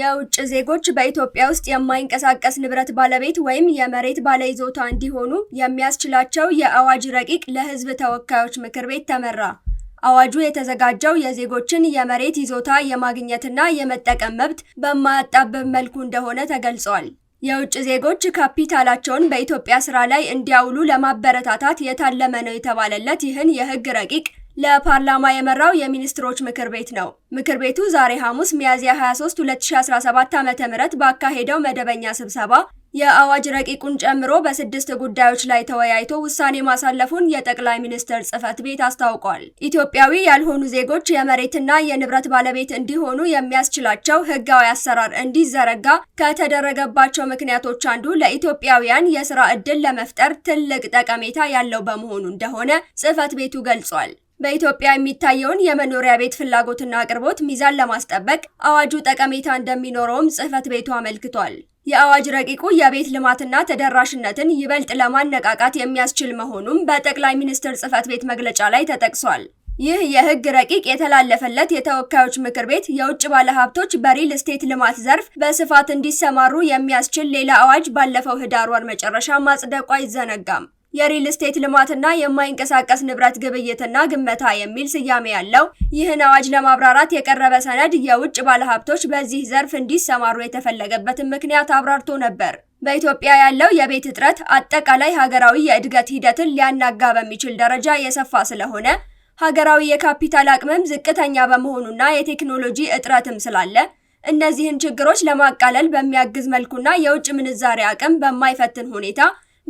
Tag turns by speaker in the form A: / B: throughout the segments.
A: የውጭ ዜጎች በኢትዮጵያ ውስጥ የማይንቀሳቀስ ንብረት ባለቤት ወይም የመሬት ባለይዞታ እንዲሆኑ የሚያስችላቸው የአዋጅ ረቂቅ ለሕዝብ ተወካዮች ምክር ቤት ተመራ። አዋጁ የተዘጋጀው የዜጎችን የመሬት ይዞታ የማግኘትና የመጠቀም መብት በማያጣብብ መልኩ እንደሆነ ተገልጿል። የውጭ ዜጎች ካፒታላቸውን በኢትዮጵያ ስራ ላይ እንዲያውሉ ለማበረታታት የታለመ ነው የተባለለት ይህን የህግ ረቂቅ ለፓርላማ የመራው የሚኒስትሮች ምክር ቤት ነው። ምክር ቤቱ ዛሬ ሐሙስ ሚያዝያ 23 2017 ዓ.ም ባካሄደው መደበኛ ስብሰባ የአዋጅ ረቂቁን ጨምሮ በስድስት ጉዳዮች ላይ ተወያይቶ ውሳኔ ማሳለፉን የጠቅላይ ሚኒስትር ጽሕፈት ቤት አስታውቋል። ኢትዮጵያዊ ያልሆኑ ዜጎች የመሬትና የንብረት ባለቤት እንዲሆኑ የሚያስችላቸው ሕጋዊ አሰራር እንዲዘረጋ ከተደረገባቸው ምክንያቶች አንዱ ለኢትዮጵያውያን የስራ ዕድል ለመፍጠር ትልቅ ጠቀሜታ ያለው በመሆኑ እንደሆነ ጽህፈት ቤቱ ገልጿል። በኢትዮጵያ የሚታየውን የመኖሪያ ቤት ፍላጎትና አቅርቦት ሚዛን ለማስጠበቅ አዋጁ ጠቀሜታ እንደሚኖረውም ጽህፈት ቤቱ አመልክቷል። የአዋጅ ረቂቁ የቤት ልማትና ተደራሽነትን ይበልጥ ለማነቃቃት የሚያስችል መሆኑም በጠቅላይ ሚኒስትር ጽህፈት ቤት መግለጫ ላይ ተጠቅሷል። ይህ የህግ ረቂቅ የተላለፈለት የተወካዮች ምክር ቤት የውጭ ባለሀብቶች በሪል ስቴት ልማት ዘርፍ በስፋት እንዲሰማሩ የሚያስችል ሌላ አዋጅ ባለፈው ህዳር ወር መጨረሻ ማጽደቁ አይዘነጋም። የሪል ስቴት ልማትና የማይንቀሳቀስ ንብረት ግብይትና ግመታ የሚል ስያሜ ያለው ይህን አዋጅ ለማብራራት የቀረበ ሰነድ የውጭ ባለሀብቶች በዚህ ዘርፍ እንዲሰማሩ የተፈለገበትን ምክንያት አብራርቶ ነበር። በኢትዮጵያ ያለው የቤት እጥረት አጠቃላይ ሀገራዊ የእድገት ሂደትን ሊያናጋ በሚችል ደረጃ የሰፋ ስለሆነ ሀገራዊ የካፒታል አቅምም ዝቅተኛ በመሆኑና የቴክኖሎጂ እጥረትም ስላለ እነዚህን ችግሮች ለማቃለል በሚያግዝ መልኩና የውጭ ምንዛሬ አቅም በማይፈትን ሁኔታ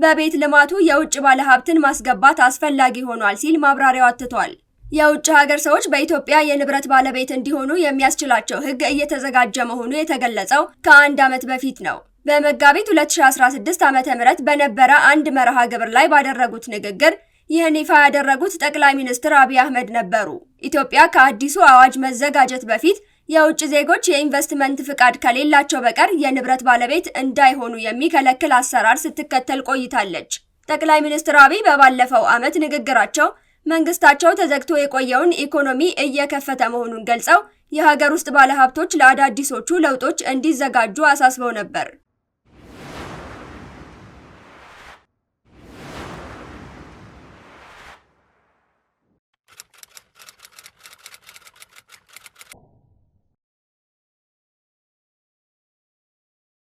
A: በቤት ልማቱ የውጭ ባለሀብትን ማስገባት አስፈላጊ ሆኗል ሲል ማብራሪያው አትቷል። የውጭ ሀገር ሰዎች በኢትዮጵያ የንብረት ባለቤት እንዲሆኑ የሚያስችላቸው ሕግ እየተዘጋጀ መሆኑ የተገለጸው ከአንድ ዓመት በፊት ነው። በመጋቢት 2016 ዓ.ም በነበረ አንድ መርሃ ግብር ላይ ባደረጉት ንግግር ይህን ይፋ ያደረጉት ጠቅላይ ሚኒስትር አብይ አህመድ ነበሩ። ኢትዮጵያ ከአዲሱ አዋጅ መዘጋጀት በፊት የውጭ ዜጎች የኢንቨስትመንት ፍቃድ ከሌላቸው በቀር የንብረት ባለቤት እንዳይሆኑ የሚከለክል አሰራር ስትከተል ቆይታለች። ጠቅላይ ሚኒስትር አብይ በባለፈው ዓመት ንግግራቸው መንግስታቸው ተዘግቶ የቆየውን ኢኮኖሚ እየከፈተ መሆኑን ገልጸው የሀገር ውስጥ ባለሀብቶች ለአዳዲሶቹ ለውጦች እንዲዘጋጁ አሳስበው ነበር።